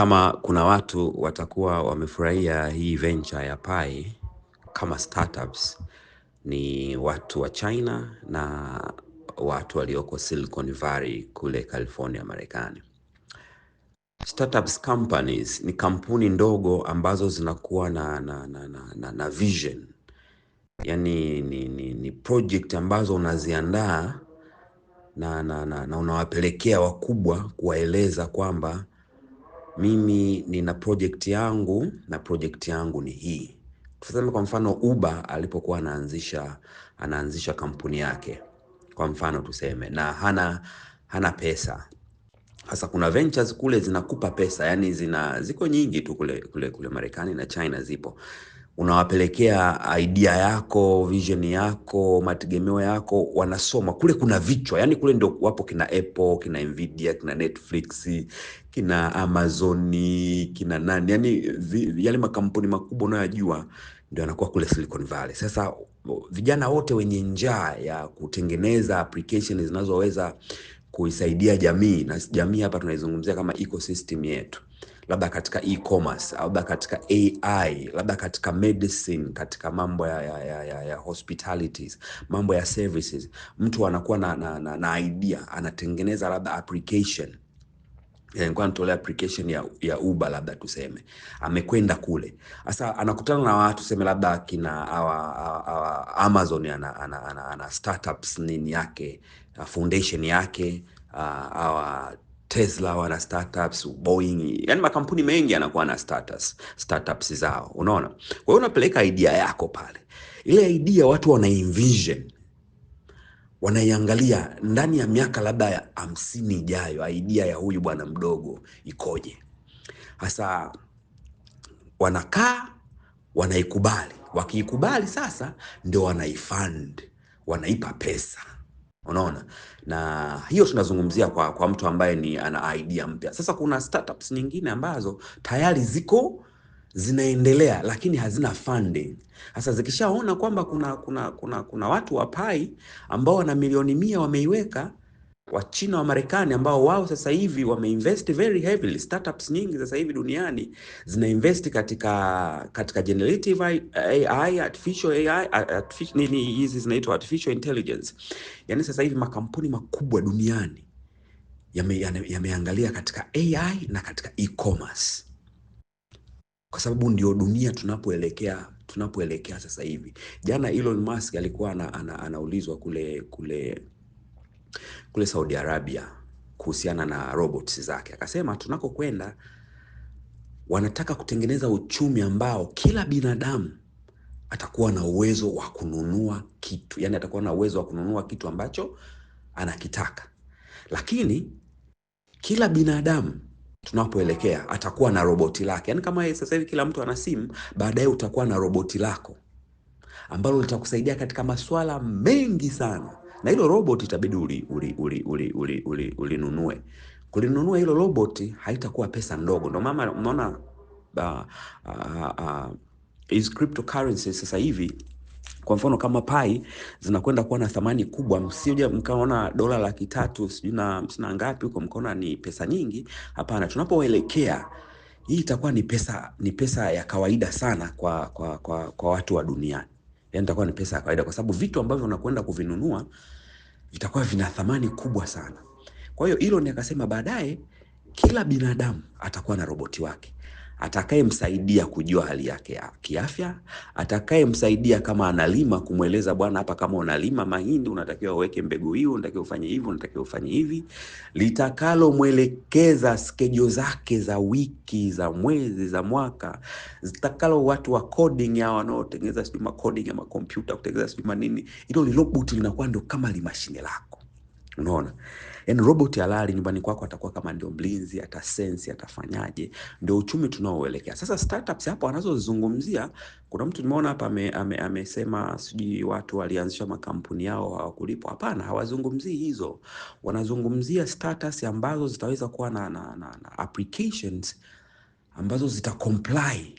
kama kuna watu watakuwa wamefurahia hii venture ya pai kama startups ni watu wa China na watu walioko Silicon Valley kule California, Marekani. Startups companies ni kampuni ndogo ambazo zinakuwa na, na, na, na, na, na vision yani ni, ni, ni project ambazo unaziandaa na, na, na, na unawapelekea wakubwa kuwaeleza kwamba mimi nina project yangu na project yangu ni hii. Tuseme kwa mfano Uber alipokuwa anaanzisha anaanzisha kampuni yake kwa mfano tuseme, na hana hana pesa. Sasa kuna ventures kule zinakupa pesa, yani zina ziko nyingi tu kule kule, kule Marekani na China zipo unawapelekea idea yako, vision yako, mategemeo yako, wanasoma kule. Kuna vichwa yani, kule ndio wapo kina Apple, kina Nvidia, kina Netflix, kina Amazon, kina nani, yani yale makampuni makubwa unayojua ndio yanakuwa kule Silicon Valley. Sasa vijana wote wenye njaa ya kutengeneza applications zinazoweza kuisaidia jamii, na jamii hapa tunaizungumzia kama ecosystem yetu labda katika e-commerce, labda katika AI, labda katika medicine, katika mambo ya, ya, ya, ya ya hospitalities, mambo ya services. Mtu anakuwa na, na, na, na idea anatengeneza labda application eh, nilikuwa natolea application ya, ya Uber labda tuseme, amekwenda kule sasa, anakutana na watu tuseme labda akina awa Amazon ana, ana, ana, ana startups nini yake foundation yake ah, awa Tesla wana startups, Boeing, yani makampuni mengi yanakuwa na startups, startups zao, unaona. Kwa hiyo unapeleka idea yako pale, ile idea watu wana envision, wanaiangalia ndani ya miaka labda ya hamsini ijayo, idea ya huyu bwana mdogo ikoje? Hasa wanakaa wanaikubali, wakiikubali sasa ndio wanaifund, wanaipa pesa Unaona, na hiyo tunazungumzia kwa, kwa mtu ambaye ni ana idea mpya. Sasa kuna startups nyingine ambazo tayari ziko zinaendelea lakini hazina funding. Sasa zikishaona kwamba kuna, kuna, kuna, kuna watu wa pai ambao wana milioni mia wameiweka Wachina wa Marekani ambao wao sasa hivi wameinvest very heavily. Startups nyingi sasa hivi duniani zinainvest katika katika generative AI, artificial AI, artificial nini hizi zinaitwa artificial intelligence. Yani sasa hivi makampuni makubwa duniani yameangalia yame katika AI na katika e-commerce kwa sababu ndio dunia tunapoelekea tunapoelekea sasa hivi. Jana Elon Musk alikuwa anaulizwa ana, ana, kule kule kule Saudi Arabia kuhusiana na robots zake, akasema tunakokwenda wanataka kutengeneza uchumi ambao kila binadamu atakuwa na uwezo wa kununua kitu, yani atakuwa na uwezo wa kununua kitu ambacho anakitaka, lakini kila binadamu tunapoelekea atakuwa na roboti lake. Yani kama sasa hivi kila mtu ana simu, baadaye utakuwa na roboti lako ambalo litakusaidia katika masuala mengi sana na hilo robot itabidi ulinunue uli, uli, uli, uli, uli kulinunua hilo robot haitakuwa pesa ndogo. ndo mama unaona is cryptocurrency sasa hivi kwa mfano kama pai zinakwenda kuwa na thamani kubwa, msija mkaona dola laki tatu sijui na hamsini ngapi huko mkaona ni pesa nyingi. Hapana, tunapoelekea hii itakuwa ni pesa, ni pesa ya kawaida sana kwa, kwa, kwa, kwa watu wa duniani yani itakuwa ni pesa ya kawaida, kwa sababu vitu ambavyo unakwenda kuvinunua vitakuwa vina thamani kubwa sana. Kwa hiyo ni akasema baadaye kila binadamu atakuwa na roboti wake atakayemsaidia kujua hali yake ya kiafya, atakayemsaidia kama analima kumweleza, bwana, hapa kama unalima mahindi unatakiwa uweke mbegu hiyo, unatakiwa ufanye hivi, unatakiwa ufanye hivi, litakalomwelekeza skejo zake za wiki, za mwezi, za mwaka, zitakalo watu wa coding hao wanaotengeneza sijui ma coding ya makompyuta kutengeneza sijui manini, hilo lilobut linakuwa ndio kama limashine lako, unaona yani robot halali nyumbani kwako atakuwa kama ndio mlinzi, atasensi, atafanyaje. Ndio uchumi tunaoelekea sasa. Startups hapo wanazozungumzia, kuna mtu nimeona hapa amesema ame sijui watu walianzisha makampuni yao hawakulipwa. Hapana, hawazungumzii hizo, wanazungumzia startups ambazo zitaweza kuwa na, na, na, na applications ambazo zita comply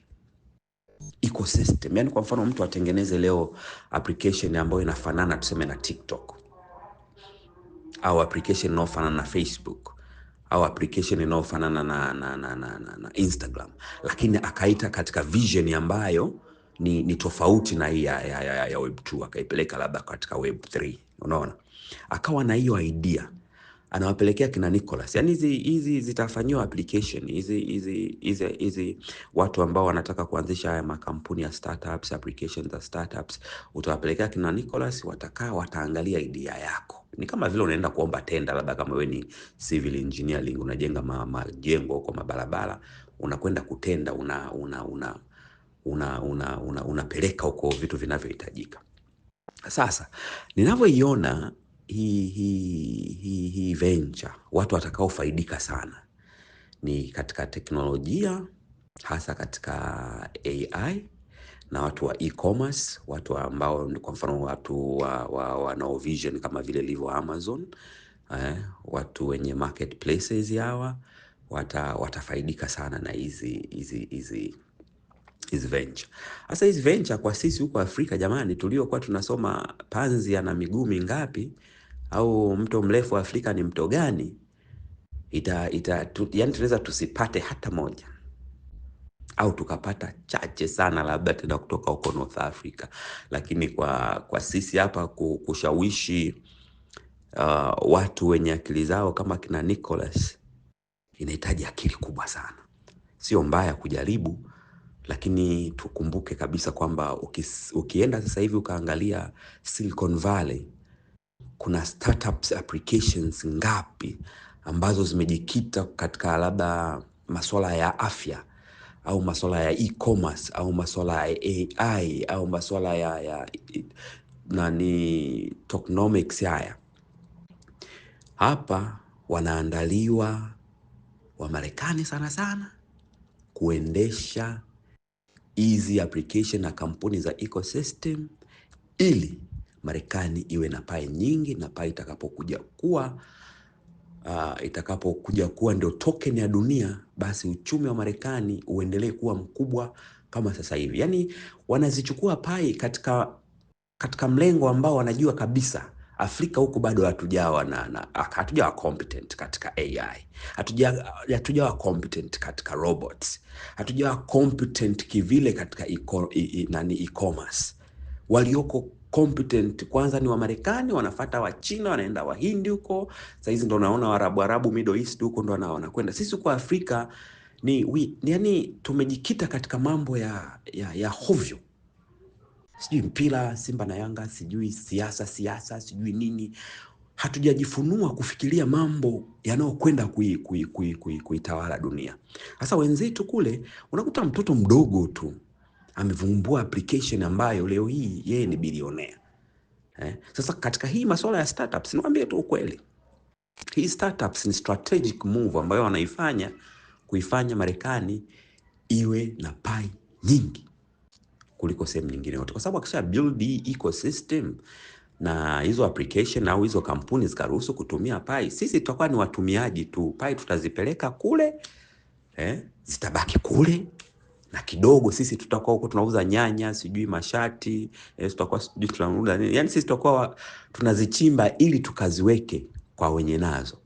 ecosystem. Yani kwa mfano mtu atengeneze leo application ambayo inafanana tuseme na TikTok au application inayofanana na Facebook au application inayofanana na, na, na, na, na, na Instagram, lakini akaita katika vision ambayo ni, ni tofauti na hii ya, ya, ya, ya web 2 akaipeleka labda katika web 3, unaona, akawa na hiyo idea anawapelekea kina Nicholas. Yani hizi hizi zitafanyiwa application hizi hizi hizi hizi watu ambao wanataka kuanzisha haya makampuni ya startups, applications za startups, utawapelekea kina Nicholas, watakaa wataangalia idea yako. Ni kama vile unaenda kuomba tenda, labda kama wewe ni civil engineering unajenga majengo kwa mabarabara, unakwenda kutenda, una una una una unapeleka una, una huko vitu vinavyohitajika. Sasa ninavyoiona hii hii hi, hi venture watu watakaofaidika sana ni katika teknolojia hasa katika AI na watu wa e-commerce, watu ambao kwa mfano watu wa, wa, wa no vision kama vile livyo Amazon eh, watu wenye marketplaces yawa wata, watafaidika sana na hizi hizi hizi hizi venture. Sasa hizi venture kwa sisi huko Afrika jamani, tuliokuwa tunasoma panzi ana miguu mingapi au mto mrefu wa Afrika ni mto gani, ita, ita, tu, yani tunaweza tusipate hata moja au tukapata chache sana, labda tena kutoka huko North Africa. Lakini kwa, kwa sisi hapa kushawishi uh, watu wenye akili zao kama kina Nicholas inahitaji akili kubwa sana. Sio mbaya kujaribu, lakini tukumbuke kabisa kwamba ukienda sasa hivi ukaangalia Silicon Valley kuna startups applications ngapi ambazo zimejikita katika labda masuala ya afya au masuala ya e-commerce au masuala ya AI au masuala ya, ya nani tokenomics haya hapa wanaandaliwa Wamarekani sana sana kuendesha hizi application na kampuni za ecosystem ili Marekani iwe na pai nyingi na pai itakapokuja kuwa uh, itakapokuja kuwa ndio token ya dunia, basi uchumi wa Marekani uendelee kuwa mkubwa kama sasa hivi. Yaani wanazichukua pai katika katika mlengo ambao wanajua kabisa Afrika huku bado hatujawa na, na hatujawa competent katika AI, hatujawa hatujawa competent katika robots, hatujawa competent kivile katika e, e, e-commerce. Walioko competent kwanza ni Wamarekani, wanafata Wachina, wanaenda Wahindi huko. Sasa hizi ndo naona Waarabu, Arabu Middle East huko ndo wanakwenda. Sisi kwa Afrika ni, we, ni yani tumejikita katika mambo ya, ya, ya hovyo sijui mpira Simba na Yanga, sijui siasa siasa, sijui nini. Hatujajifunua kufikiria mambo yanayokwenda kuitawala kui, kui, kui, kui, kui dunia. Sasa wenzetu kule unakuta mtoto mdogo tu amevumbua application ambayo leo hii yeye ni bilionea eh. Sasa katika hii masuala ya startups, niwaambie tu ukweli, hii startups ni strategic move ambayo wanaifanya kuifanya Marekani iwe na pai nyingi kuliko sehemu nyingine yote, kwa sababu akisha build hii ecosystem na hizo application au hizo kampuni zikaruhusu kutumia pai, sisi tutakuwa ni watumiaji tu. Pai tutazipeleka kule eh, zitabaki kule na kidogo sisi tutakuwa huko tunauza nyanya, sijui mashati e, tutakuwa sijui tunauza nini, yani sisi tutakuwa tunazichimba ili tukaziweke kwa wenye nazo.